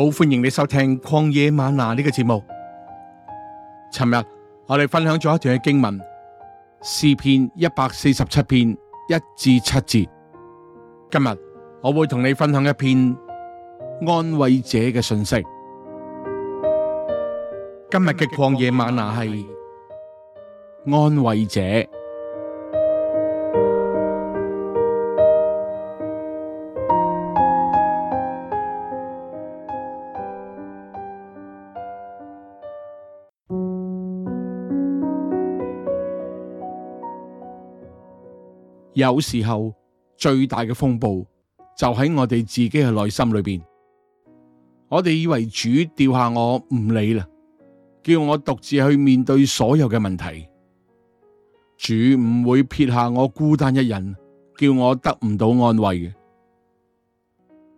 好歡迎你收聽曠野嗎哪呢個節目。尋日我哋分享咗一段嘅經文，詩篇一百四十七篇一至七節。今日我會同你分享一篇安慰者嘅信息。今日嘅曠野嗎哪係安慰者。有時候最大嘅風暴就喺我哋自己嘅內心裏邊。我哋以為主掉下我唔理啦，叫我獨自去面對所有嘅問題。主唔會撇下我孤單一人，叫我得唔到安慰嘅。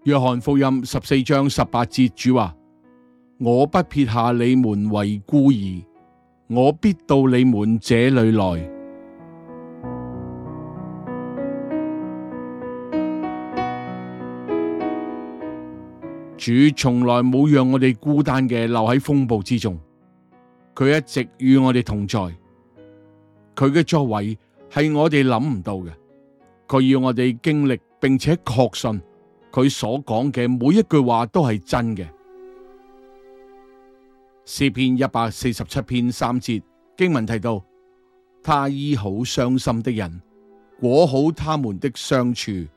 約翰福音十四章十八節，主話：我不撇下你們為孤兒，我必到你們這裏來。主從來冇讓我哋孤單嘅留喺風暴之中，佢一直與我哋同在。佢嘅作為係我哋諗唔到嘅，佢要我哋經歷並且確信佢所講嘅每一句話都係真嘅。詩篇一百四十七篇三節經文提到：他醫好傷心的人，裹好他們的傷處。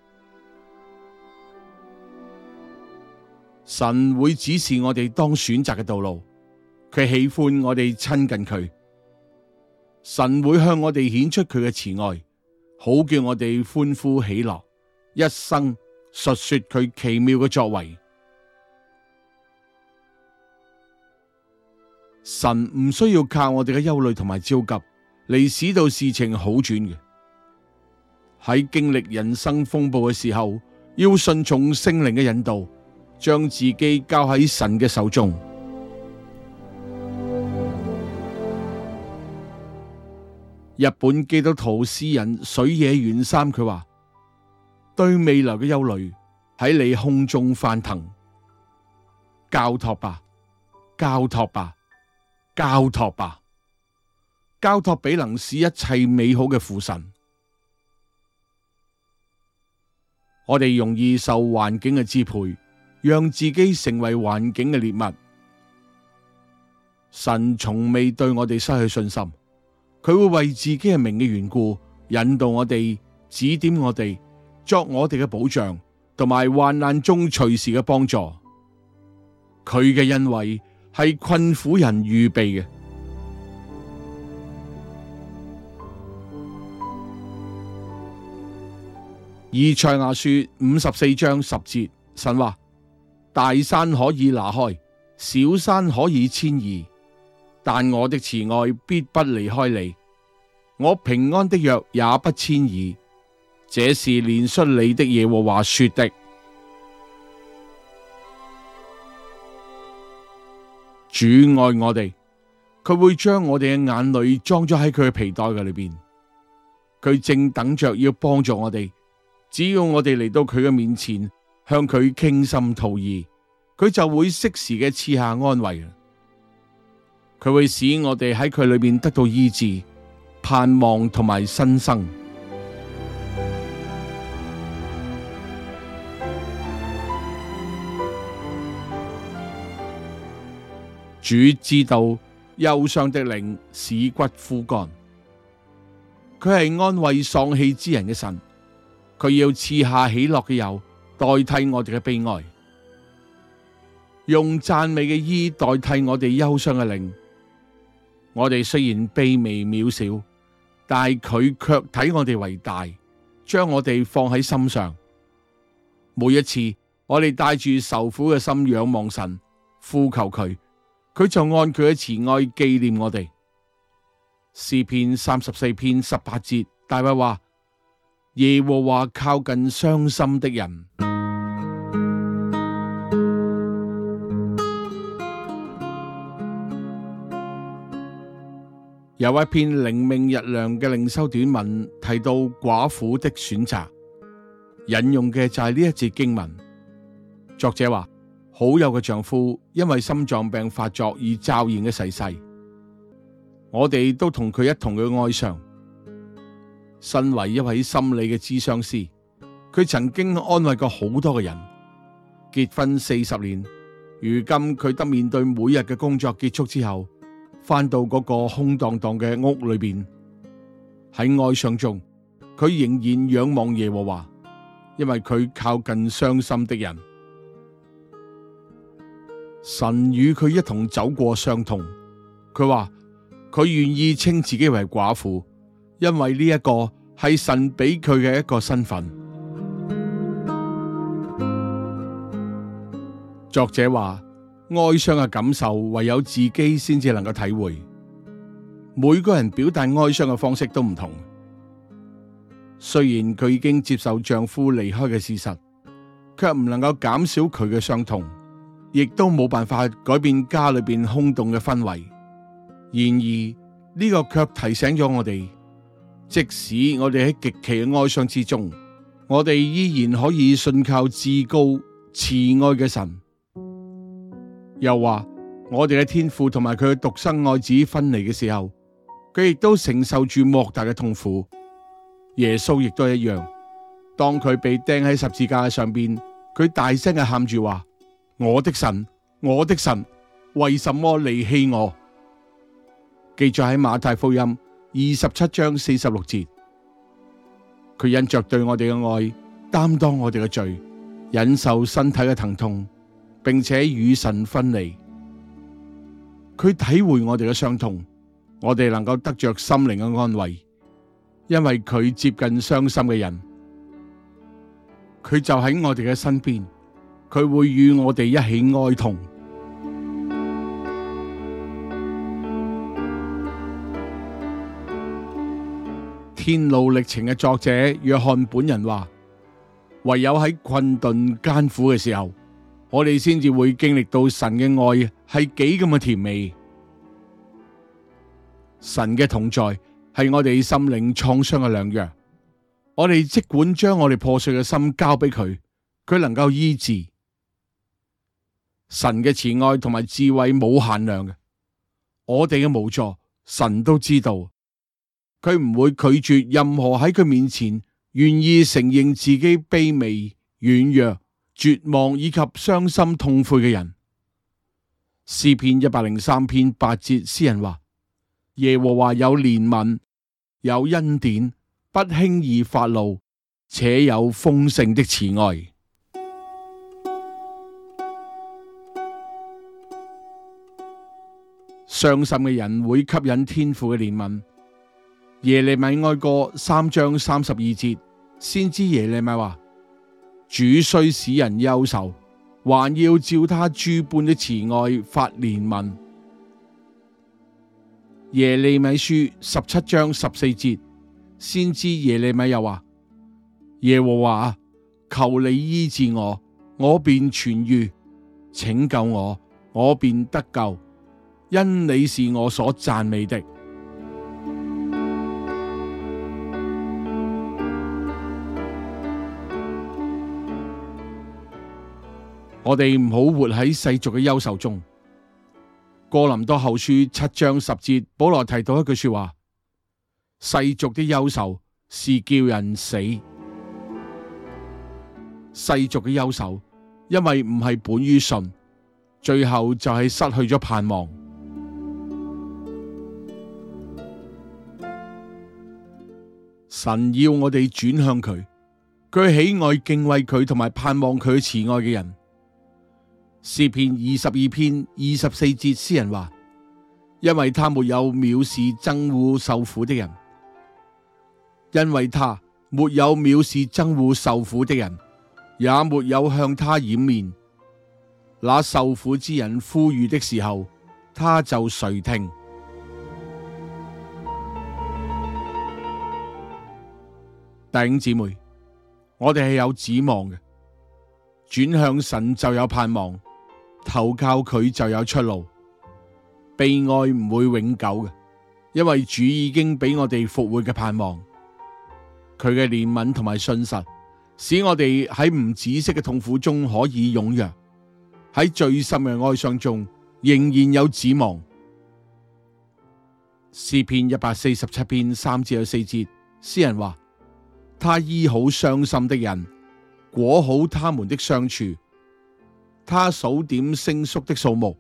神會指示我哋當選擇嘅道路，佢喜歡我哋親近佢。神會向我哋顯出佢嘅慈愛，好叫我哋歡呼喜樂，一生述說佢奇妙嘅作為。神唔需要靠我哋嘅憂慮同埋焦急嚟使到事情好轉嘅。喺經歷人生風暴嘅時候，要順從聖靈嘅引導。將自己交喺神嘅手中。日本基督徒詩人水野源三佢話：對未來嘅憂慮喺你空中翻騰，交託吧，交託吧，交託吧，交託俾能使一切美好嘅父神。我哋容易受環境嘅支配。讓自己成為環境嘅獵物。神從未對我哋失去信心，佢會為自己嘅名嘅緣故引導我哋、指點我哋、作我哋嘅保障，同埋患難中隨時嘅幫助。佢嘅恩惠係困苦人預備嘅。 以賽亞書五十四章十節，神話。大山可以拿開，小山可以遷移，但我的慈愛必不離開你，我平安的約也不遷移。這是憐恤你的耶和華說的。主愛我哋，佢會將我哋嘅眼淚裝咗喺佢嘅皮袋嘅裏邊，佢正等着要幫助我哋，只要我哋嚟到佢嘅面前。向佢傾心吐意，佢就會適時嘅賜下安慰，佢會使我哋喺佢裏邊得到醫治、盼望同埋新生。 主知道憂傷的靈使骨枯乾，佢係安慰喪氣之人嘅神，佢要賜下喜樂嘅油。代替我哋嘅悲哀，用讚美嘅衣代替我哋憂傷嘅靈。我哋雖然卑微渺小，但係佢卻睇我哋為大，將我哋放喺心上。每一次我哋帶住受苦嘅心仰望神，呼求佢，佢就按佢嘅慈愛紀念我哋。詩篇三十四篇十八節，大衛話。耶和華靠近傷心的人。有一篇靈命日糧嘅靈修短文提到寡婦的選擇，引用嘅就係呢一節經文。作者話：好友嘅丈夫因為心臟病發作而驟然嘅逝世，我哋都同佢一同去哀傷。身為一位心理嘅諮商師，佢曾經安慰過好多嘅人。結婚四十年，如今佢得面對每日嘅工作結束之後，翻到嗰個空蕩蕩嘅屋裏邊，喺哀傷中，佢仍然仰望耶和華，因為佢靠近傷心的人。神與佢一同走過傷痛，佢話佢願意稱自己為寡婦。因為呢一個係神俾佢嘅一個身份。作者話：哀傷嘅感受唯有自己先至能夠體會。每個人表達哀傷嘅方式都唔同。雖然佢已經接受丈夫離開嘅事實，卻唔能夠減少佢嘅傷痛，亦都冇辦法改變家裏邊空洞嘅氛圍。然而呢個卻提醒咗我哋。即使我哋喺極其嘅哀傷之中，我哋依然可以信靠至高慈愛嘅神。又話我哋嘅天父同埋佢嘅獨生愛子分離嘅時候，佢亦都承受住莫大嘅痛苦。耶穌亦都一樣，當佢被釘喺十字架上邊，佢大聲嘅喊住話：我的神，我的神，為什麼離棄我？記載喺馬太福音，二十七章四十六節，佢因着對我哋嘅愛，擔當我哋嘅罪，忍受身體嘅疼痛，並且與神分離。佢體會我哋嘅傷痛，我哋能夠得着心靈嘅安慰，因為佢接近傷心嘅人，佢就喺我哋嘅身邊，佢會與我哋一起哀痛。天路歷程嘅作者約翰本人話：唯有喺困頓艱苦嘅時候，我哋先至會經歷到神嘅愛係幾咁嘅甜美。神嘅同在係我哋心靈創傷嘅良藥。我哋即管將我哋破碎嘅心交俾佢，佢能夠醫治。神嘅慈愛同埋智慧冇限量嘅，我哋嘅無助神都知道。佢唔會拒絕任何喺佢面前願意承認自己卑微、軟弱、絕望以及傷心痛悔嘅人。詩篇一百零三篇八節，詩人話：耶和華有憐憫，有恩典，不輕易發怒，且有豐盛的慈愛。傷心嘅人會吸引天父嘅憐憫。耶利米哀歌三章三十二節，先知耶利米話：主雖使人憂愁，還要照他諸般的慈愛發憐憫。耶利米書十七章十四節，先知耶利米又話：耶和華求你醫治我，我便痊癒；拯救我，我便得救，因你是我所讚美的。我哋唔好活喺世俗嘅憂愁中。哥林多後書七章十節，保羅提到一句說話：世俗嘅憂愁是叫人死。世俗嘅憂愁，因為唔係本於信，最後就係失去咗盼望。神要我哋轉向佢，佢喜愛敬畏佢同埋盼望佢慈愛嘅人。詩篇二十二篇二十四節，詩人話，因為他沒有藐視憎惡受苦的人，因為他沒有藐視憎惡受苦的人，也沒有向他掩面。那受苦之人呼籲的時候，他就垂聽。弟兄姊妹，我哋係有指望嘅，轉向神就有盼望。投靠佢就有出路，悲哀唔會永久嘅，因為主已經俾我哋復活嘅盼望。佢嘅憐憫同埋信實，使我哋喺唔止息嘅痛苦中可以踴躍，喺最深嘅哀傷中仍然有指望。詩篇一百四十七篇三至四節，詩人話：他醫好傷心的人，裹好他們的傷處。他數點星宿的數目，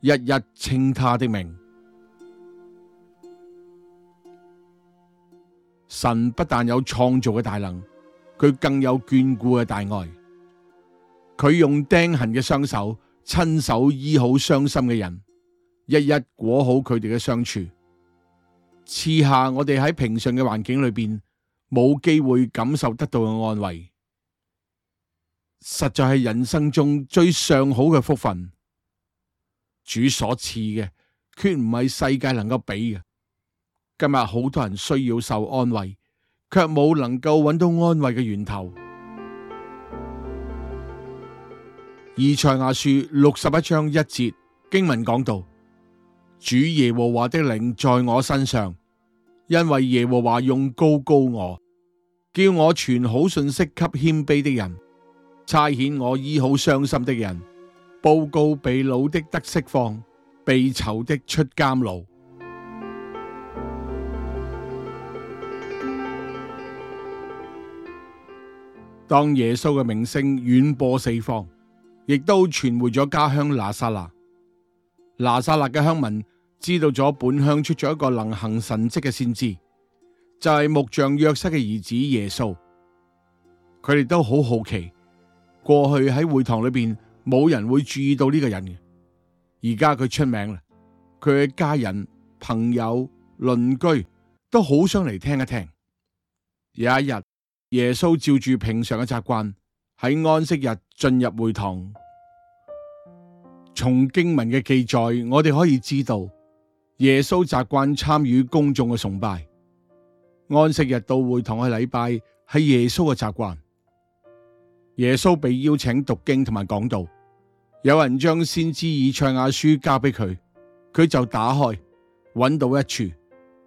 一一稱他的名。神不但有創造嘅大能，佢更有眷顧嘅大愛。佢用釘痕嘅雙手，親手醫好傷心嘅人，一一裹好佢哋嘅傷處，賜下我哋喺平常嘅環境裏邊，冇機會感受得到嘅安慰。實在係人生中最上好嘅福分，主所賜嘅，決唔係世界能夠俾嘅。今日好多人需要受安慰，卻冇能夠揾到安慰嘅源頭。 以賽亞書六十一章一節經文講到： 主耶和華的靈在我身上，因為耶和華用膏膏我，叫我傳好信息給謙卑的人。差遣我醫好傷心的人，報告被擄的得釋放，被囚的出監牢。當耶穌嘅名聲遠播四方，亦都傳回咗家鄉拿撒勒。拿撒勒嘅鄉民知道咗本鄉出咗一個能行神跡嘅先知，就係木匠約瑟嘅兒子耶穌。佢哋都好好奇。過去喺會堂裏邊冇人會注意到呢個人嘅，而家佢出名啦。佢嘅家人、朋友、鄰居都好想嚟聽一聽。有一日，耶穌照住平常嘅習慣，喺安息日進入會堂。從經文嘅記載，我哋可以知道，耶穌習慣參與公眾嘅崇拜。安息日到會堂嘅禮拜，係耶穌嘅習慣。耶穌被邀請讀經同埋講道，有人將先知以賽亞書交俾佢，佢就打開揾到一處，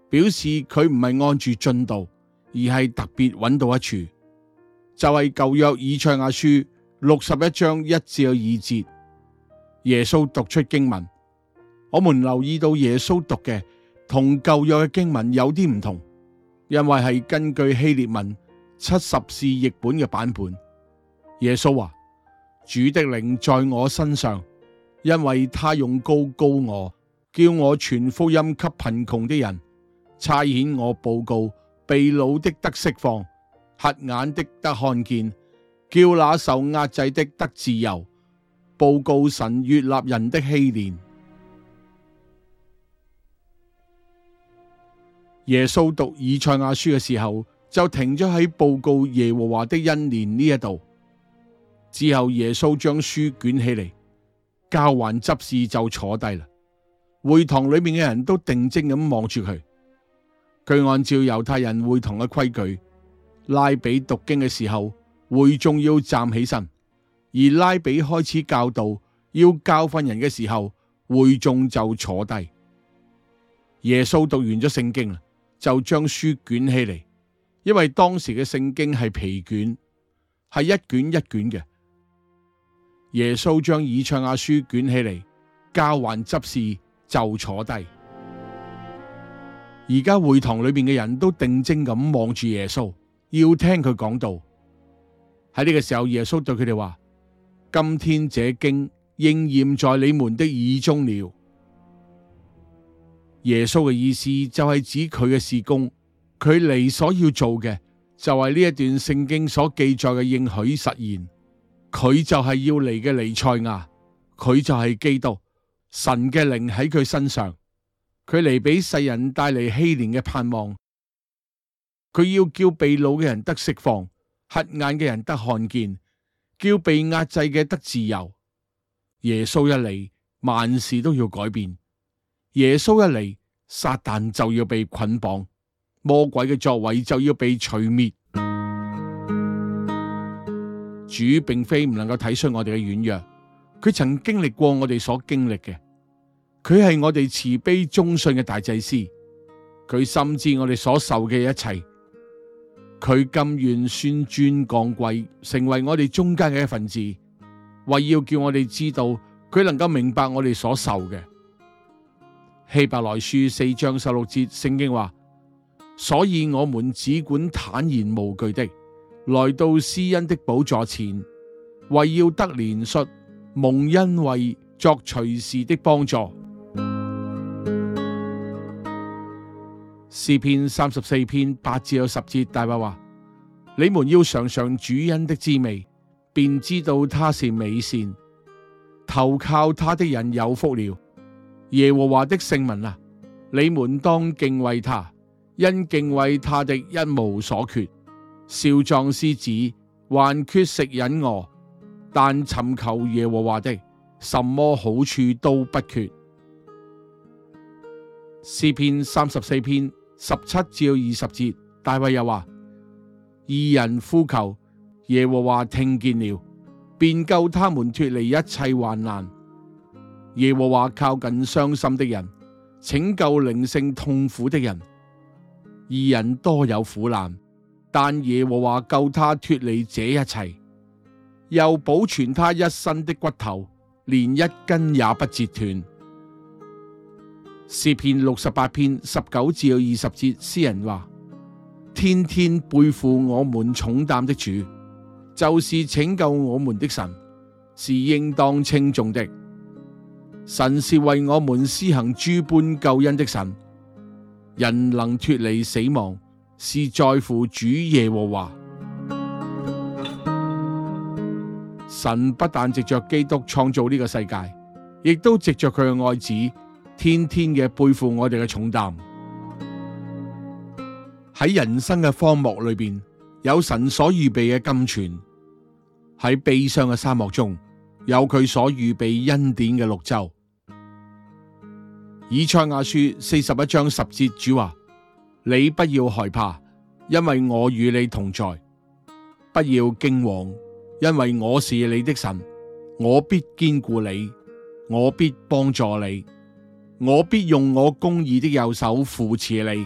表示佢唔係按住進度，而係特別揾到一處，就係舊約以賽亞書六十一章一至二節。耶穌讀出經文，我們留意到耶穌讀嘅同舊約嘅經文有啲唔同，因為係根據希臘文七十四譯本嘅版本。耶穌話：主的靈在我身上，因為他用膏膏我，叫我傳福音給貧窮的人，差遣我報告被擄的得釋放，瞎眼的得看見，叫那受壓制的得自由，報告神悅納人的禧年。耶穌讀以賽亞書嘅時候，就停咗喺報告耶和華的恩年呢一度。之後耶穌將書捲起嚟，交還執事就坐低啦。會堂裏面嘅人都定睛咁望住佢。佢按照猶太人會堂嘅規矩，拉比讀經嘅時候，會眾要站起身；而拉比開始教導、要教訓人嘅時候，會眾就坐低。耶穌讀完咗聖經啦，就將書捲起嚟，因為當時嘅聖經係皮卷，係一卷一卷嘅。耶穌將以賽亞書捲起嚟，交還執事就坐低。而家會堂裏面嘅人都定睛咁望住耶穌，要聽佢講道。喺呢個時候，耶穌對佢哋話：「今天這經應驗在你們的耳中了。」耶穌嘅意思就係指佢嘅事工，佢嚟所要做嘅就係呢一段聖經所記載嘅應許實現。佢就係要嚟嘅彌賽亞，佢就係基督，神嘅靈喺佢身上，佢嚟俾世人帶嚟禧年嘅盼望，佢要叫被擄嘅人得釋放，瞎眼嘅人得看見，叫被壓制嘅得自由。耶穌一嚟，萬事都要改變；耶穌一嚟，撒旦就要被捆綁，魔鬼嘅作為就要被除滅。主並非唔能夠體恤我哋嘅軟弱，佢曾經歷過我哋所經歷嘅，佢係我哋慈悲忠信嘅大祭司，佢深知我哋所受嘅一切，佢甘願紆尊降貴，成為我哋中間嘅一份子，為要叫我哋知道佢能夠明白我哋所受嘅。希伯來書四章十六節，聖經話，所以我們只管坦然無懼的。來到施恩的寶座前，為要得憐恤，蒙恩惠作隨時的幫助。詩篇三十四篇八至十節大伯話：你們要嘗嘗主恩的滋味，便知道他是美善，投靠他的人有福了。耶和華的聖民啊，你們當敬畏他，因敬畏他的一無所缺。少壯獅子還缺食忍餓，但尋求耶和華的，什麼好處都不缺。詩篇三十四篇十七至二十節，大衛又話：義人呼求，耶和華聽見了，便救他們脫離一切患難。耶和華靠近傷心的人，拯救靈性痛苦的人。義人多有苦難。但耶和華救他脫離這一切，又保存他一身的骨頭，連一根也不折斷。詩篇六十八篇十九至二十節，詩人話：天天背負我們重擔的主，就是拯救我們的神，是應當稱重稱頌的。神是為我們施行諸般救恩的神，人能脫離死亡。是在乎主耶和華，神不但藉着基督創造呢個世界，亦都藉着佢嘅愛子，天天嘅背負我哋嘅重擔。喺人生嘅荒漠裏邊，有神所預備嘅甘泉；喺悲傷嘅沙漠中，有佢所預備恩典嘅綠洲。以賽亞書四十一章十節，主話。你不要害怕，因為我與你同在；不要驚惶，因為我是你的神。我必堅固你，我必幫助你，我必用我公義的右手扶持你。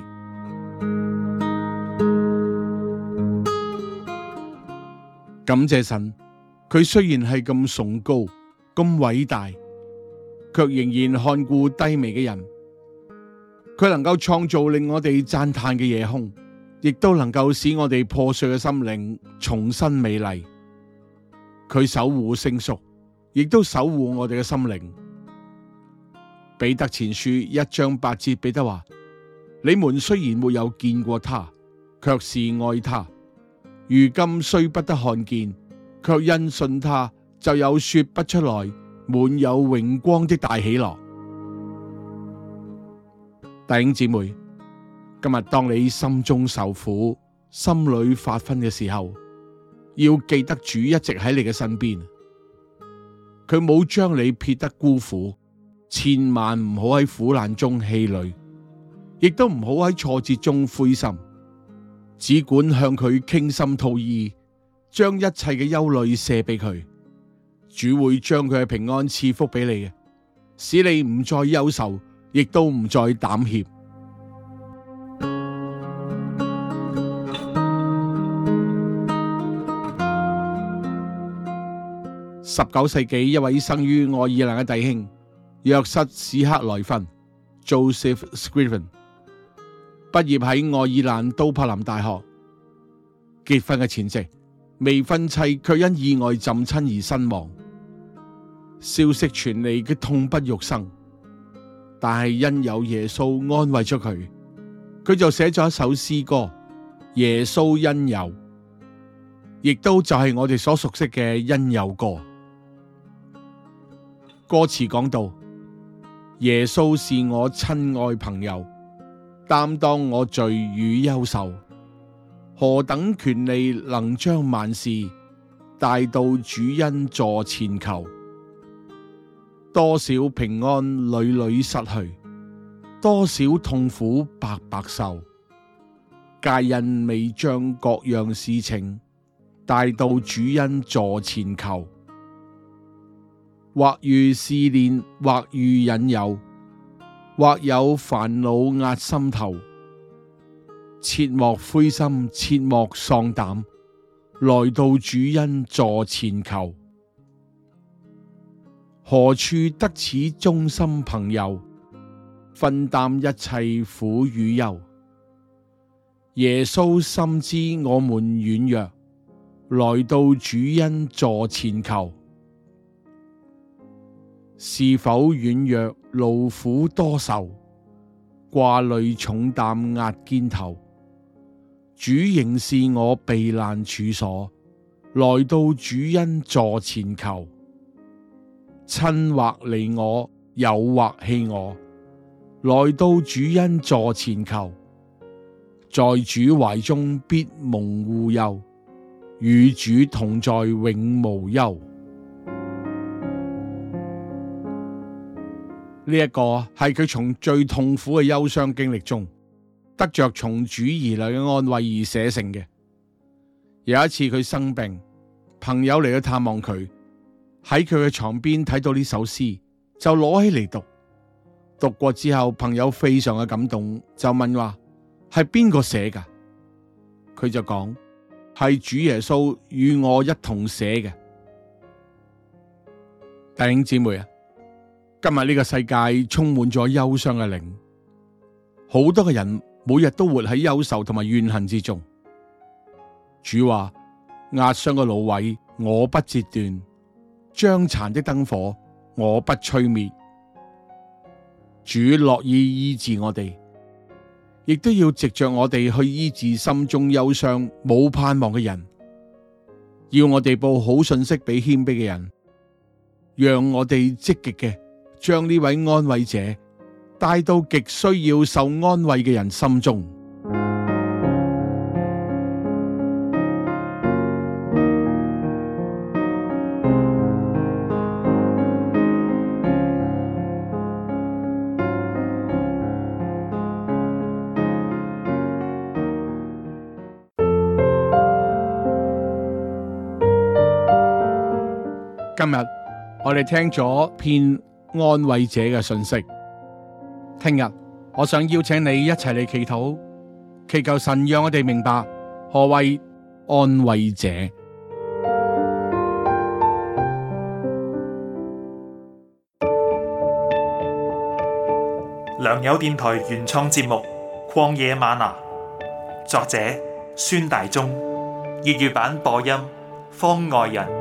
感謝神，佢雖然係咁崇高、咁偉大，卻仍然看顧低微嘅人。佢能夠創造令我哋讚嘆嘅夜空，亦都能夠使我哋破碎嘅心靈重新美麗。佢守護星宿，亦都守護我哋嘅心靈。彼得前書一章八節，彼得話：你們雖然沒有見過他，卻是愛他；如今雖不得看見，卻因信他就有說不出來滿有榮光的大喜樂。弟兄姊妹，今日當你心中受苦、心裏發昏嘅時候，要記得主一直喺你嘅身邊，佢冇將你撇得孤苦，千萬唔好喺苦難中氣餒，亦都唔好喺挫折中灰心，只管向佢傾心吐意，將一切嘅憂慮卸俾佢，主會將佢嘅平安賜福俾你嘅，使你唔再憂愁。亦都唔再膽怯。十九世紀一位生於愛爾蘭嘅弟兄，約瑟史克雷芬 j o s e p h Scriven），畢業喺愛爾蘭都柏林大學。結婚嘅前夕，未婚妻卻因意外浸親而身亡，消息傳嚟，佢痛不欲生。但係因有耶穌安慰咗佢，佢就寫咗一首詩歌《耶穌恩友》，亦都就係我哋所熟悉嘅《恩友歌》。歌詞講到：耶穌是我親愛朋友，擔當我罪與憂愁，何等權利能將萬事帶到主恩座前求。多少平安屢屢失去，多少痛苦白白受。戒印未將各樣事情，帶到主恩座前求。或遇試煉，或遇引誘，或有煩惱壓心頭，切莫灰心，切莫喪膽，來到主恩座前求。何處得此忠心朋友，分擔一切苦與憂？耶穌深知我們軟弱，來到主恩座前求。是否軟弱勞苦多愁，掛慮重擔壓肩頭？主仍是我避難處所，來到主恩座前求。親或離我，友或棄我，來到主恩座前求，在主懷中必蒙護佑，與主同在永無憂。呢、這、一個係佢從最痛苦嘅憂傷經歷中得着從主而來嘅安慰而寫成嘅。有一次佢生病，朋友嚟咗探望佢。喺佢嘅床邊睇到呢首詩，就攞起嚟讀。讀過之後，朋友非常嘅感動，就問話係邊個寫㗎？佢就講係主耶穌與我一同寫嘅。弟兄姊妹啊，今日呢個世界充滿咗憂傷嘅靈，好多嘅人每日都活喺憂愁同埋怨恨之中。主話：壓傷嘅蘆葦，我不折斷。將殘的燈火，我不吹滅。主樂意醫治我哋，亦都要藉着我哋去醫治心中憂傷、冇盼望嘅人。要我哋報好信息俾謙卑嘅人，讓我哋積極嘅將呢位安慰者帶到極需要受安慰嘅人心中。我哋聽咗篇「安慰者」嘅信息，聽日我想邀請你一齊嚟祈禱，祈求神讓我哋明白何謂安慰者。良友電台原創節目《曠野嗎哪》，作者孫大中，粵語版播音方外人。